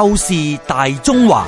透視大中華，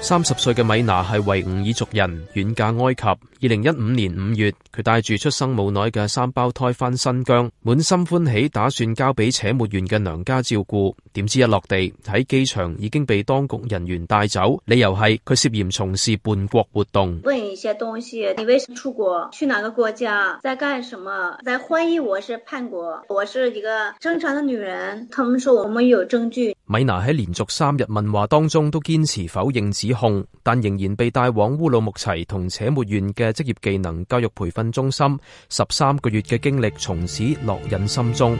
三十歲嘅米娜係維吾爾族人，遠嫁埃及。二零一五年五月，佢帶住出生冇耐嘅三胞胎返新疆，滿心歡喜，打算交俾且末縣嘅娘家照顧。點知一落地喺機場已經被當局人員帶走，理由係佢涉嫌從事叛國活動。問一些東西，你為什麼出國？去哪個國家？在幹什麼？在懷疑我是叛國？我是一個正常的女人。他們說我們有證據。米娜喺連續三日問話當中都堅持否認指控，但仍然被帶往烏魯木齊同且末縣嘅。職業技能教育培訓中心十三個月嘅經歷，從此烙印心中。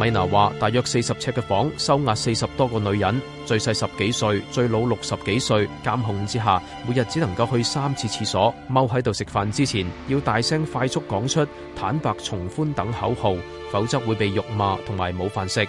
米娜話：大約四十尺嘅房，收押四十多個女人，最細十幾歲，最老六十幾歲，監控之下，每日只能夠去三次廁所，踎喺度食飯之前要大聲快速講出“坦白從寬”等口號，否則會被辱罵同埋冇飯食。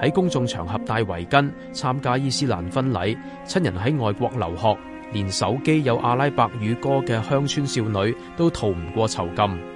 喺公眾場合戴圍巾、參加伊斯蘭婚禮、親人喺外國留學，連手機有阿拉伯語歌嘅鄉村少女都逃唔過囚禁。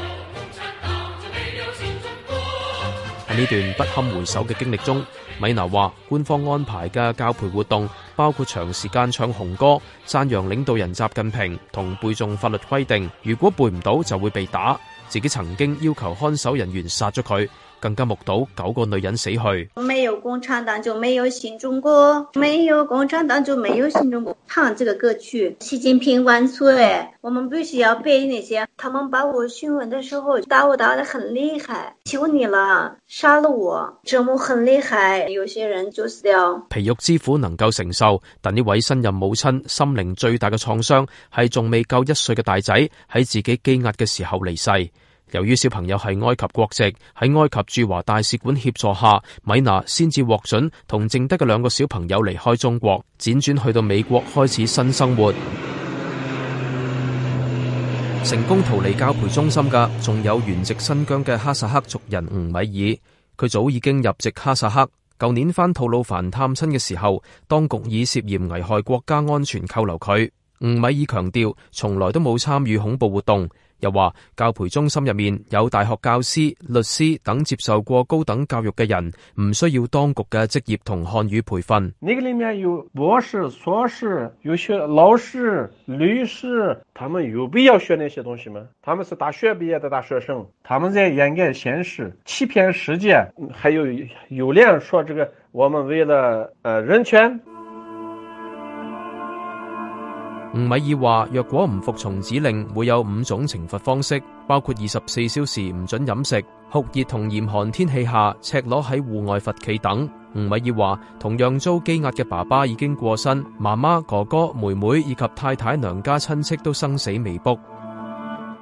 喺呢段不堪回首嘅經歷中，米娜話：官方安排嘅教培活動包括長時間唱紅歌、讚揚領導人習近平同背誦法律規定，如果背唔到就會被打。自己曾經要求看守人員殺咗佢。更加目睹九個女人死去。我沒有共產黨就沒有新中國，沒有共產黨就沒有新中國。唱這個歌曲，習近平萬歲。我們必須要背那些。他們把我訊問的時候，打我打得很厲害。求你了，殺了我，折磨很厲害。有些人就是這樣。皮肉之苦能夠承受，但呢位新任母親心靈最大嘅創傷係仲未夠一歲嘅大仔喺自己羈押嘅時候離世。由於小朋友係埃及國籍，喺埃及駐華大使館協助下，米娜先至獲准同剩得嘅兩個小朋友離開中國，輾轉去到美國開始新生活。成功逃離教培中心嘅，仲有原籍新疆嘅哈薩克族人吳米爾，佢早已經入籍哈薩克，舊年返吐魯番探親嘅時候，當局以涉嫌危害國家安全扣留佢。吳米爾強調，從來都冇參與恐怖活動。又話教培中心入面有大學教師、律師等接受過高等教育嘅人，唔需要當局嘅職業同漢語培訓。呢個裏面有博士、碩士，有些老師、律師，他們有必要學那些東西嗎？他們是大學畢業的大學生，他們在掩蓋現實、欺騙世界，還有有臉說這個？我們為了、呃、人權。吳米爾話：若果唔服從指令，會有五種懲罰方式，包括二十四小時唔准飲食、酷熱同嚴寒天氣下赤裸喺戶外罰企等。吳米爾話：同樣遭羈押嘅爸爸已經過身，媽媽、哥哥、妹妹以及太太娘家親戚都生死未卜。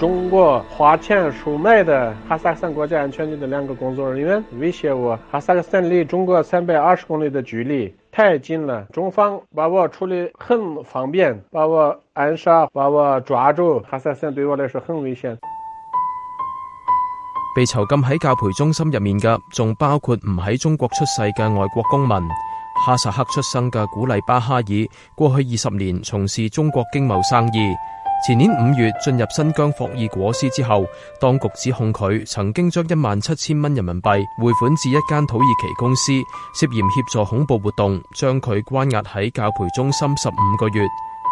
中國花錢贖買的哈薩克斯坦國家安全局的兩個工作人員威脅我，哈薩克斯坦離中國三百二十公里的距離太近了，中方把我處理很方便，把我暗殺，把我抓住。哈薩克斯坦對我來說很危險。被囚禁喺教培中心入面嘅，仲包括唔喺中國出世嘅外國公民。哈薩克出生嘅古麗巴哈爾，過去二十年從事中國經貿生意。前年五月進入新疆霍爾果斯之後，當局指控佢曾經將一萬七千蚊人民幣匯款至一間土耳其公司，涉嫌協助恐怖活動，將佢關押喺教培中心十五個月。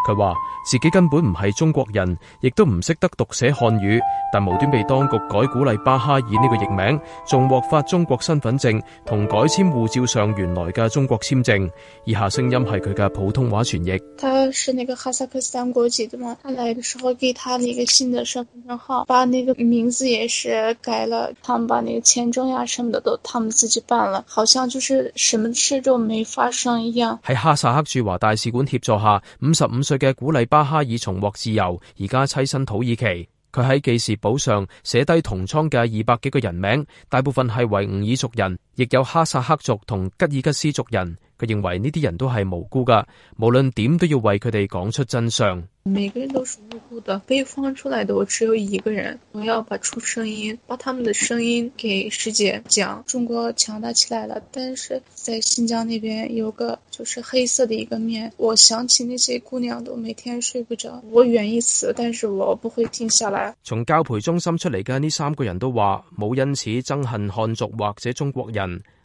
佢話自己根本唔係中國人，亦都唔識得讀寫漢語，但無端被當局改鼓勵巴哈爾呢個譯名，仲獲發中國身份證同改簽護照上原來嘅中國簽證。以下聲音係佢嘅普通話傳譯。他是那個哈薩克斯坦國籍的嘛，他來的時候給他那個新的身份證號，把那個名字也是改了，他們把那個簽證呀什麼的都他們自己辦了，好像就是什麼事都沒發生一樣。喺哈薩克駐華大使館協助下，五十五。嘅古麗巴哈爾重獲自由，而家棲身土耳其。佢喺記事簿上寫低同倉嘅二百幾個人名，大部分係維吾爾族人，亦有哈薩克族同吉爾吉斯族人。佢認為呢啲人都係無辜噶無論點都要為佢哋講出真相。每個人都是無辜的，被放出來的我只有一個人，我要把出聲音，把他們的聲音給世界講。中國強大起來了，但是在新疆那邊有個就是黑色的一個面。我想起那些姑娘都每天睡不着。我願意死，但是我不會停下來。從教培中心出嚟嘅呢三個人都話冇因此憎恨漢族或者中國人。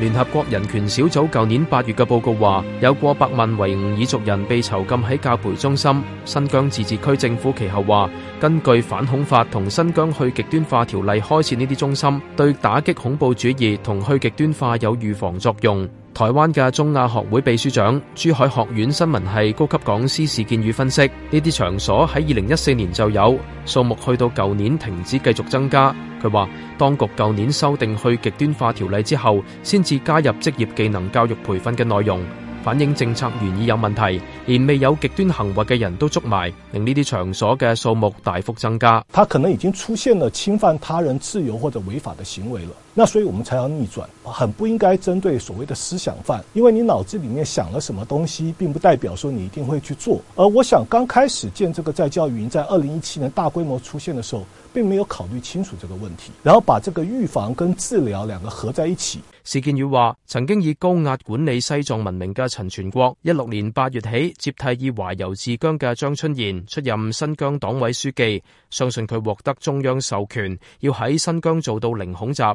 聯合國人權小組舊年八月嘅報告話，有過百萬維吾爾族人被囚禁喺教培中心。新疆自治區政府其後話，根據反恐法同新疆去極端化條例，開設呢啲中心，對打擊恐怖主義同去極端化有預防作用。台灣嘅中亞學會秘書長、珠海學院新聞系高級講師事件與分析，呢啲場所喺二零一四年就有，數目去到舊年停止繼續增加。佢話，當局舊年修訂去極端化條例之後，先至加入職業技能教育培訓嘅內容，反映政策原意有問題，連未有極端行為嘅人都捉埋，令呢啲場所嘅數目大幅增加。他可能已經出現了侵犯他人自由或者違法嘅行為了。那所以，我們才要逆轉，很不應該針對所謂的思想犯，因為你腦子裏面想了什麼東西，並不代表說你一定會去做。而我想，剛開始建這個再教育營，在二零一七年大規模出現的時候，並沒有考慮清楚這個問題，然後把這個預防跟治療兩個合在一起。事建宇話：曾經以高壓管理西藏聞名嘅陳全國，一六年八月起接替以懷柔治疆嘅張春賢出任新疆黨委書記，相信佢獲得中央授權，要喺新疆做到零恐襲。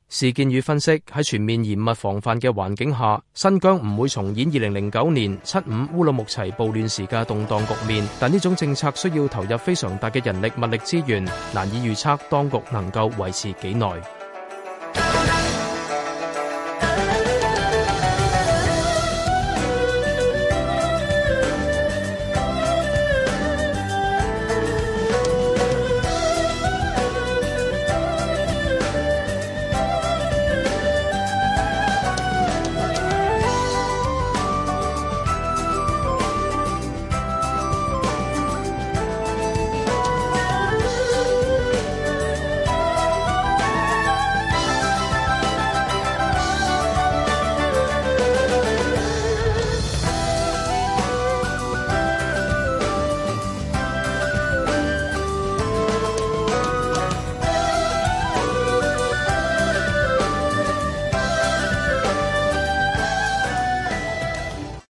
事件與分析，喺全面嚴密防範嘅環境下，新疆唔會重演二零零九年七五烏魯木齊暴亂時嘅動蕩局面。但呢種政策需要投入非常大嘅人力物力資源，難以預測當局能夠維持幾耐。